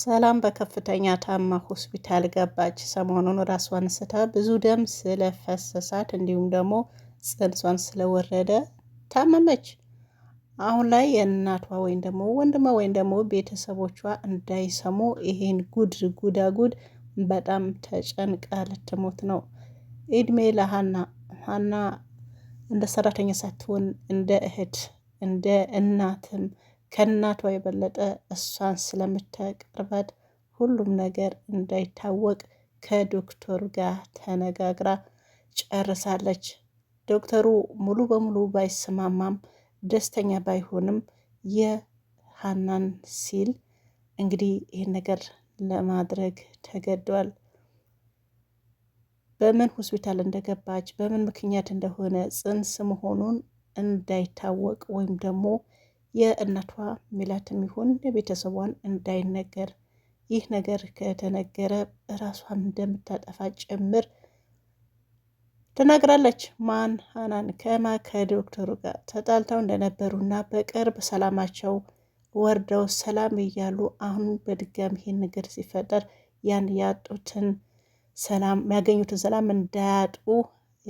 ሰላም በከፍተኛ ታማ ሆስፒታል ገባች። ሰሞኑን ራሷን ስታ ብዙ ደም ስለፈሰሳት እንዲሁም ደግሞ ጽንሷን ስለወረደ ታመመች። አሁን ላይ የእናቷ ወይም ደግሞ ወንድሟ ወይም ደግሞ ቤተሰቦቿ እንዳይሰሙ ይሄን ጉድ ጉዳጉድ በጣም ተጨንቃ ልትሞት ነው። እድሜ ለሀና ሀና እንደ ሰራተኛ ሳትሆን እንደ እህት እንደ እናትም ከእናቷ የበለጠ እሷን ስለምታቀርባት ሁሉም ነገር እንዳይታወቅ ከዶክተሩ ጋር ተነጋግራ ጨርሳለች። ዶክተሩ ሙሉ በሙሉ ባይስማማም ደስተኛ ባይሆንም የሀናን ሲል እንግዲህ ይህን ነገር ለማድረግ ተገዷል። በምን ሆስፒታል እንደገባች በምን ምክንያት እንደሆነ ጽንስ መሆኑን እንዳይታወቅ ወይም ደግሞ የእናቷ ሚላትም ይሁን የቤተሰቧን እንዳይነገር ይህ ነገር ከተነገረ እራሷን እንደምታጠፋ ጭምር ተናግራለች። ማን ሀናን ከማ ከዶክተሩ ጋር ተጣልተው እንደነበሩና በቅርብ ሰላማቸው ወርደው ሰላም እያሉ አሁን በድጋሚ ይህን ነገር ሲፈጠር ያን ያጡትን ሰላም ያገኙትን ሰላም እንዳያጡ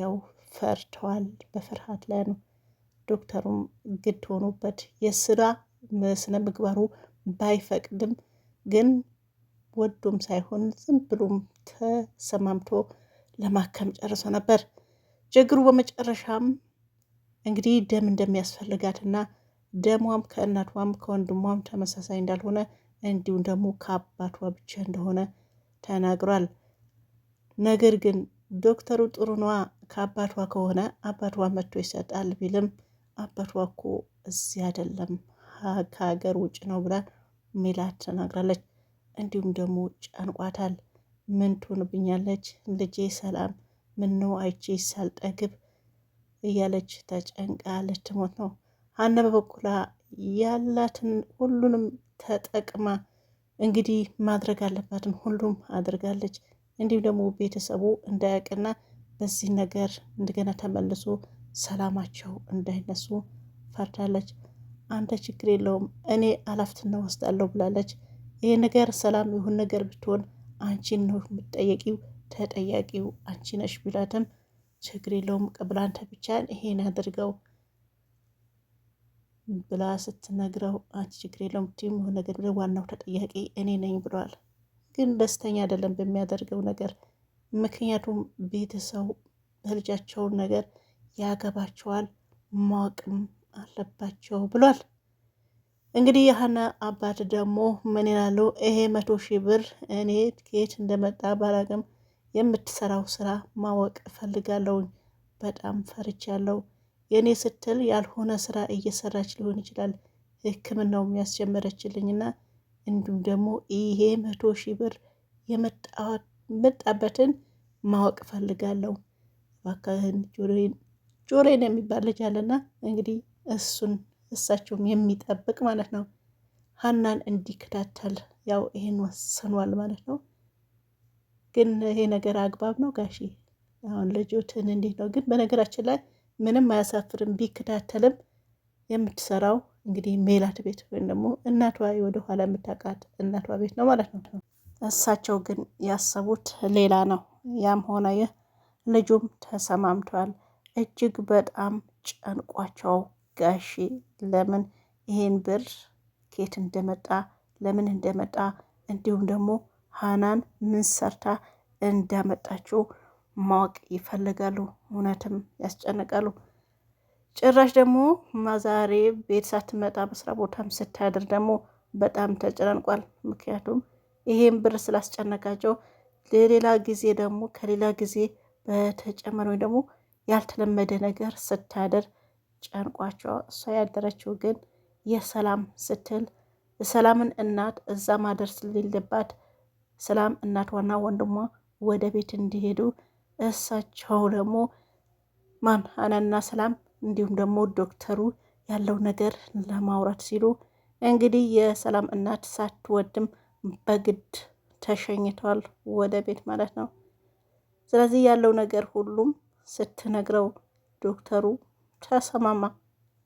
ያው ፈርተዋል። በፍርሃት ላይ ነው። ዶክተሩም ግድ ሆኖበት የስራ ስነ ምግባሩ ባይፈቅድም ግን ወዶም ሳይሆን ዝም ብሎም ተሰማምቶ ለማከም ጨርሶ ነበር። ችግሩ በመጨረሻም እንግዲህ ደም እንደሚያስፈልጋትና ደሟም ከእናቷም ከወንድሟም ተመሳሳይ እንዳልሆነ እንዲሁም ደግሞ ከአባቷ ብቻ እንደሆነ ተናግሯል። ነገር ግን ዶክተሩ ጥሩኗ ከአባቷ ከሆነ አባቷ መጥቶ ይሰጣል ቢልም አባቷ እኮ እዚህ አይደለም ከሀገር ውጭ ነው ብላ ሜላት ተናግራለች። እንዲሁም ደግሞ ጨንቋታል። ምን ትሆንብኛለች ልጄ ሰላም ምን ነው አይቼ ሳልጠግብ እያለች ተጨንቃ ልትሞት ነው። ሀና በበኩላ ያላትን ሁሉንም ተጠቅማ እንግዲህ ማድረግ አለባትን ሁሉም አድርጋለች። እንዲሁም ደግሞ ቤተሰቡ እንዳያውቅና በዚህ ነገር እንደገና ተመልሶ ሰላማቸው እንዳይነሱ ፈርዳለች። አንተ ችግር የለውም እኔ አላፍትና ወስዳለሁ ብላለች። ይህ ነገር ሰላም ይሁን ነገር ብትሆን አንቺን ነው የምጠየቂው፣ ተጠያቂው አንቺ ነሽ ቢላትም ችግር የለውም ቀብላ አንተ ብቻ ይሄን አድርገው ብላ ስትነግረው አንቺ ችግር የለውም ብትይም የሆነ ነገር ብለ ዋናው ተጠያቂ እኔ ነኝ ብሏል። ግን ደስተኛ አይደለም በሚያደርገው ነገር ምክንያቱም ቤተሰው በልጃቸውን ነገር ያገባቸዋል፣ ማወቅም አለባቸው ብሏል። እንግዲህ የሀና አባት ደግሞ ምን ይላሉ? ይሄ መቶ ሺህ ብር እኔ ከየት እንደመጣ ባላቅም የምትሰራው ስራ ማወቅ እፈልጋለሁኝ። በጣም ፈርቻለሁ። የእኔ ስትል ያልሆነ ስራ እየሰራች ሊሆን ይችላል። ሕክምናው የሚያስጀመረችልኝና እንዲሁም ደግሞ ይሄ መቶ ሺህ ብር የመጣበትን ማወቅ እፈልጋለሁ። እባክህን ጆሮዬን ጆሬን የሚባል ልጅ አለና እንግዲህ እሱን እሳቸውም የሚጠብቅ ማለት ነው። ሀናን እንዲከታተል ያው ይሄን ወስኗል ማለት ነው። ግን ይሄ ነገር አግባብ ነው ጋሺ? አሁን ልጆትን እንዴት ነው ግን? በነገራችን ላይ ምንም አያሳፍርም። ቢከታተልም የምትሰራው እንግዲህ ሜላት ቤት ወይም ደግሞ እናቷ ወደኋላ የምታውቃት እናቷ ቤት ነው ማለት ነው። እሳቸው ግን ያሰቡት ሌላ ነው። ያም ሆነ ይህ ልጁም ተሰማምቷል። እጅግ በጣም ጨንቋቸው ጋሺ ለምን ይሄን ብር ኬት እንደመጣ ለምን እንደመጣ እንዲሁም ደግሞ ሀናን ምን ሰርታ እንዳመጣችው ማወቅ ይፈልጋሉ። እውነትም ያስጨንቃሉ። ጭራሽ ደግሞ ማዛሬ ቤት ሳትመጣ መስሪያ ቦታም ስታድር ደግሞ በጣም ተጨናንቋል። ምክንያቱም ይሄን ብር ስላስጨነቃቸው ለሌላ ጊዜ ደግሞ ከሌላ ጊዜ ወይ ደግሞ ያልተለመደ ነገር ስታደር ጨንቋቸው፣ እሷ ያደረችው ግን የሰላም ስትል የሰላምን እናት እዛ ማደር ስለሌለባት ሰላም ዋና ወንድሟ ወደ ቤት እንዲሄዱ እሳቸው ደግሞ ማን አነና ሰላም እንዲሁም ደግሞ ዶክተሩ ያለው ነገር ለማውራት ሲሉ እንግዲህ የሰላም እናት ሳትወድም በግድ ተሸኝተዋል ወደ ቤት ማለት ነው። ስለዚህ ያለው ነገር ሁሉም ስትነግረው ዶክተሩ ተሰማማ።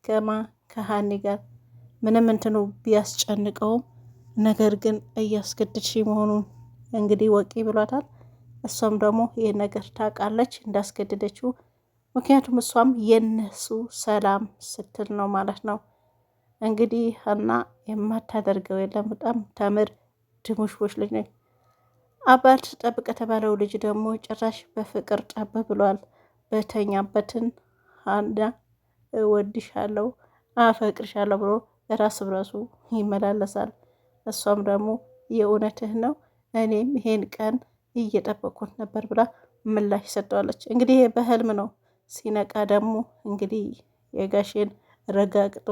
ገማ ከሀኒ ጋር ምንም እንትኑ ቢያስጨንቀውም ነገር ግን እያስገድድሽ መሆኑን እንግዲህ ወቂ ብሏታል። እሷም ደግሞ ይህን ነገር ታውቃለች እንዳስገድደችው፣ ምክንያቱም እሷም የነሱ ሰላም ስትል ነው ማለት ነው። እንግዲህ ሀና የማታደርገው የለም። በጣም ተምር ድሙሽቦች ልጅ ነች። አባት ጠብቅ የተባለው ልጅ ደግሞ ጭራሽ በፍቅር ጠብ ብሏል። በተኛበትን አንዳ እወድሻለሁ፣ አፈቅርሻለሁ ብሎ ራስ ብራሱ ይመላለሳል። እሷም ደግሞ የእውነትህ ነው እኔም ይሄን ቀን እየጠበቁት ነበር ብላ ምላሽ ሰጠዋለች። እንግዲህ በህልም ነው። ሲነቃ ደግሞ እንግዲህ የጋሼን ረጋግጦ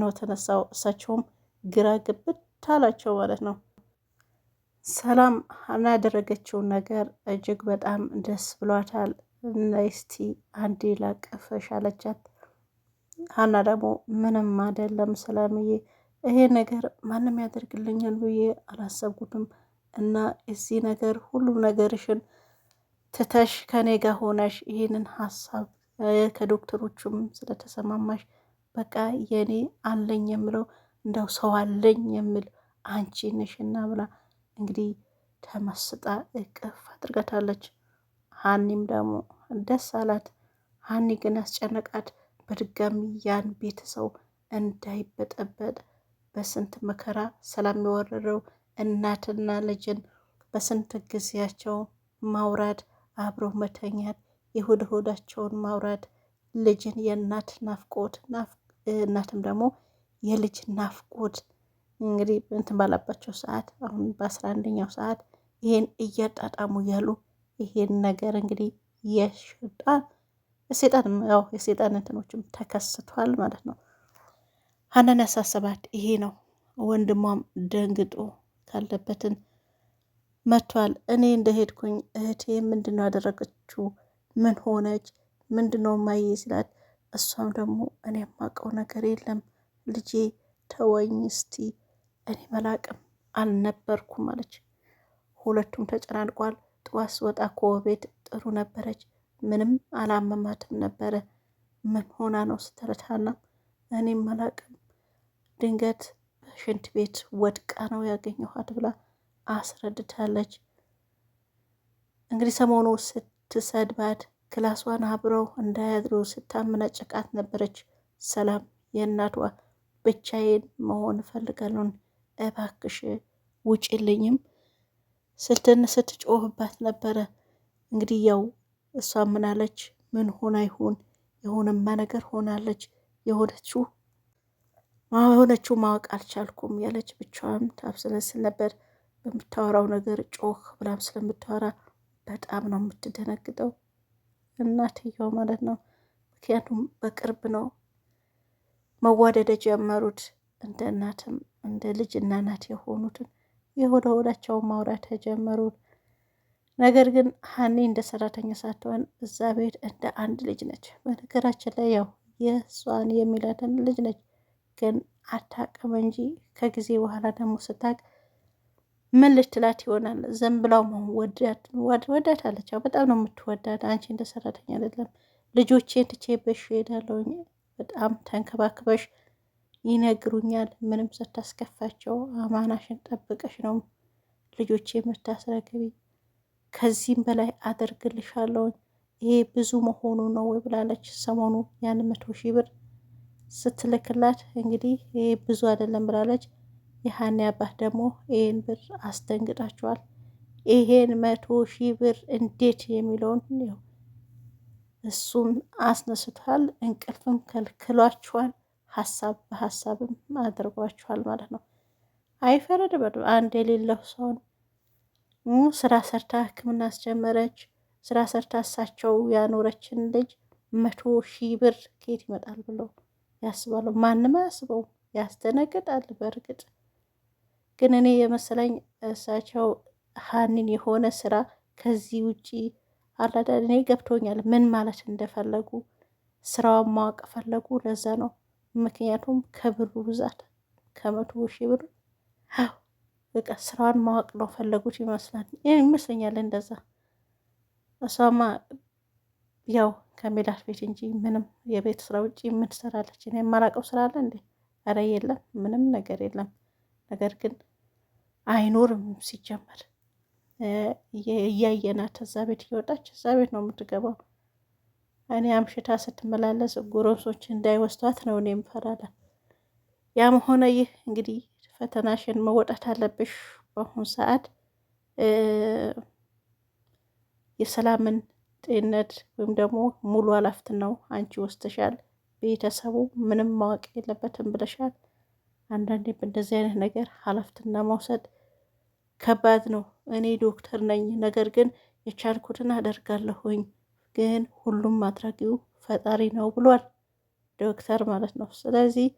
ነው ተነሳው። እሳቸውም ግራ ግብት አላቸው ማለት ነው። ሰላም ያደረገችውን ነገር እጅግ በጣም ደስ ብሏታል። እና እስቲ አንዴ ላቀፈሽ አለቻት። ሀና ደግሞ ምንም አይደለም ሰላምዬ፣ ይሄ ነገር ማንም ያደርግልኛል ብዬ አላሰብኩትም እና እዚህ ነገር ሁሉም ነገርሽን ትተሽ ከኔ ጋር ሆነሽ ይሄንን ሀሳብ ከዶክተሮቹም ስለተሰማማሽ በቃ የኔ አለኝ የምለው እንደው ሰው አለኝ የምል አንቺ ነሽና ብላ እንግዲህ ተመስጣ እቅፍ አድርጋታለች። ሀኒም ደግሞ ደስ አላት። ሀኒ ግን አስጨነቃት። በድጋሚ ያን ቤተሰው እንዳይበጠበጥ በስንት መከራ ሰላም የወረደው እናትና ልጅን በስንት ጊዜያቸው ማውራት፣ አብሮ መተኛት፣ የሆድ ሆዳቸውን ማውራት፣ ልጅን የእናት ናፍቆት እናትም ደግሞ የልጅ ናፍቆት እንግዲህ እንትን ባላባቸው ሰዓት አሁን በአስራ አንደኛው ሰዓት ይህን እያጣጣሙ ያሉ ይሄን ነገር እንግዲህ የሸጣን የሴጣን ያው የሴጣን እንትኖችም ተከስቷል ማለት ነው። ሀናን ያሳሰባት ይሄ ነው። ወንድሟም ደንግጦ ካለበትን መቷል። እኔ እንደሄድኩኝ እህቴ ምንድነው ያደረገችው? ምን ሆነች? ምንድነው ማየ ስላት፣ እሷም ደግሞ እኔ የማውቀው ነገር የለም ልጄ ተወኝ እስቲ እኔ መላቅም አልነበርኩም አለች። ሁለቱም ተጨናንቋል። ጥዋት ስወጣ ከቤት ጥሩ ነበረች፣ ምንም አላመማትም ነበረ። ምን ሆና ነው ስትለች እኔም አላቅም ድንገት በሽንት ቤት ወድቃ ነው ያገኘኋት ብላ አስረድታለች። እንግዲህ ሰሞኑ ስትሰድባት ክላሷን አብረው እንዳያድሩ ስታመነጭቃት ነበረች። ሰላም የእናቷ ብቻዬን መሆን እፈልጋለሁ፣ እባክሽ ውጭልኝም ስትን ስትጮህባት ነበረ። እንግዲህ ያው እሷ ምናለች ምን ሆና ይሆን? የሆነማ ነገር ሆናለች። የሆነችው የሆነችው ማወቅ አልቻልኩም ያለች ብቻዋን ታብስለስል ነበር። በምታወራው ነገር ጮህ ብላም ስለምታወራ በጣም ነው የምትደነግጠው እናትየው ማለት ነው። ምክንያቱም በቅርብ ነው መዋደድ የጀመሩት እንደ እናትም እንደ ልጅ እና እናት የሆኑትን የሆደ ሆዳቸውን ማውራት ተጀመሩ። ነገር ግን ሀኒ እንደ ሰራተኛ ሳትሆን እዛ ቤት እንደ አንድ ልጅ ነች። በነገራችን ላይ ያው የእሷን የሚላትን ልጅ ነች፣ ግን አታቅም እንጂ ከጊዜ በኋላ ደግሞ ስታቅ ምን ልትላት ይሆናል? ዝም ብላው ወዳት ወዳታለች። በጣም ነው የምትወዳት። አንቺ እንደ ሰራተኛ አይደለም ልጆቼን በሽ ሄዳለውኝ በጣም ተንከባክበሽ ይነግሩኛል። ምንም ስታስከፋቸው አማናሽን ጠብቀሽ ነው ልጆች የምታስረግቢ፣ ከዚህም በላይ አደርግልሻለሁ። ይሄ ብዙ መሆኑ ነው ወይ ብላለች። ሰሞኑ ያን መቶ ሺህ ብር ስትልክላት እንግዲህ ይሄ ብዙ አይደለም ብላለች። የሀኒ አባት ደግሞ ይሄን ብር አስደንግጣቸዋል። ይሄን መቶ ሺህ ብር እንዴት የሚለውን እሱም አስነስቷል። እንቅልፍም ከልክሏቸዋል። ሀሳብ በሀሳብም አድርጓችኋል ማለት ነው። አይፈረድ በ አንድ የሌለው ሰውን ስራ ሰርታ ህክምና አስጀመረች። ስራ ሰርታ እሳቸው ያኖረችን ልጅ መቶ ሺህ ብር ከየት ይመጣል ብሎ ያስባሉ? ማንም አያስበው፣ ያስደነግጣል። በእርግጥ ግን እኔ የመሰለኝ እሳቸው ሀኒን የሆነ ስራ ከዚህ ውጪ አላዳ እኔ ገብቶኛል ምን ማለት እንደፈለጉ ስራውን ማወቅ ፈለጉ። ለዛ ነው ምክንያቱም ከብሩ ብዛት ከመቶ ሺ ብር ው በቃ ስራዋን ማወቅ ነው ፈለጉት ይመስላል ይመስለኛል። እንደዛ እሷማ ያው ከሜላት ቤት እንጂ ምንም የቤት ስራ ውጭ የምትሰራለች እኔ የማላውቀው ስራ አለ እንዴ? ኧረ የለም፣ ምንም ነገር የለም። ነገር ግን አይኖርም ሲጀመር እያየናት እዛ ቤት እየወጣች እዛ ቤት ነው የምትገባው። እኔ አምሽታ ስትመላለስ ጎረምሶች እንዳይወስዷት ነው እኔ ምፈራለን። ያም ሆነ ይህ እንግዲህ ፈተናሽን መወጣት አለብሽ። በአሁኑ ሰዓት የሰላምን ጤንነት ወይም ደግሞ ሙሉ አላፍት ነው አንቺ ወስተሻል። ቤተሰቡ ምንም ማወቅ የለበትም ብለሻል። አንዳንዴ እንደዚህ አይነት ነገር ኃላፊነት መውሰድ ከባድ ነው። እኔ ዶክተር ነኝ፣ ነገር ግን የቻልኩትን አደርጋለሁኝ ግን ሁሉም አድራጊው ፈጣሪ ነው ብሏል ዶክተር ማለት ነው። ስለዚህ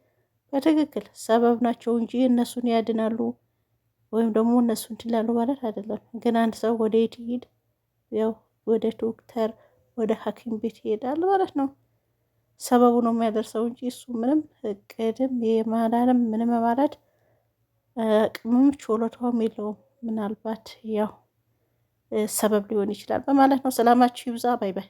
በትክክል ሰበብ ናቸው እንጂ እነሱን ያድናሉ ወይም ደግሞ እነሱን እንትላሉ ማለት አይደለም። ግን አንድ ሰው ወደ የት ይሄድ? ያው ወደ ዶክተር ወደ ሐኪም ቤት ይሄዳል ማለት ነው። ሰበቡ ነው የሚያደርሰው እንጂ እሱ ምንም እቅድም የማዳንም ምንም ማለት አቅምም ችሎታውም የለውም። ምናልባት ያው ሰበብ ሊሆን ይችላል በማለት ነው። ሰላማችሁ ይብዛ። ባይ ባይ።